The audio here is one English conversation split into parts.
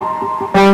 Bye.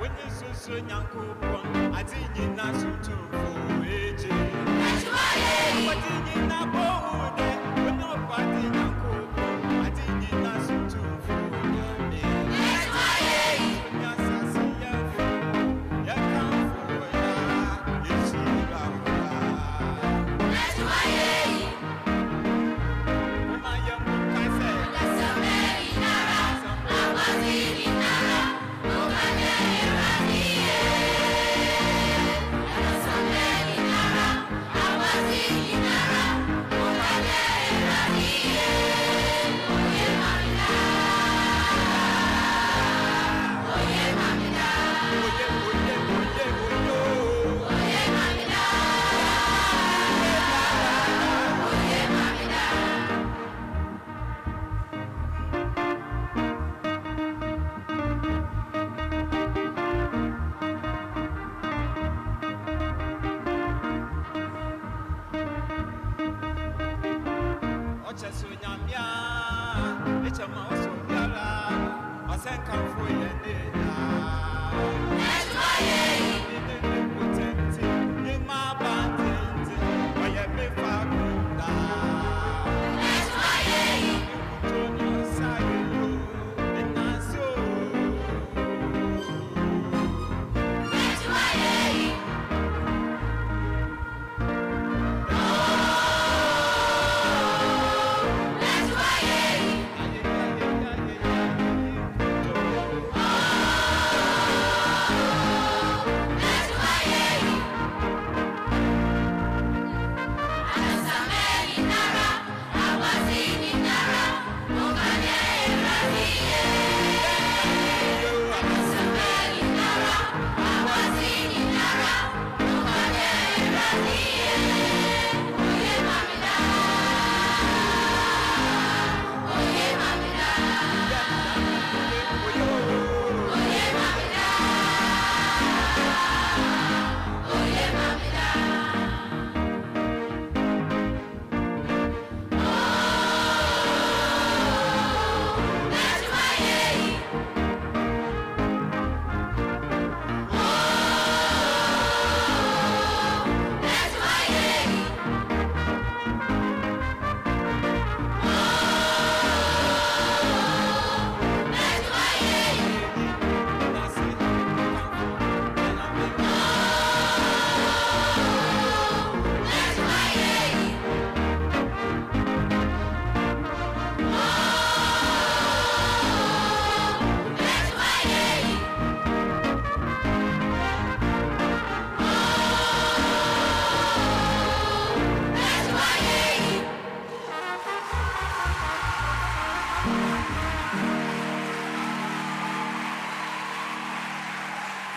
witnesses nyankopɔn ade nyina and come free.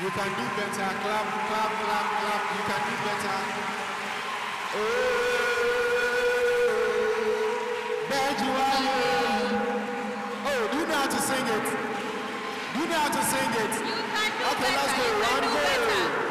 You can do better. Clap, clap, clap, clap. You can do better. Oh, Bejuaye. Oh, do you know how to sing it? Do you know how to sing it? You can do okay, better. let's go. One, go.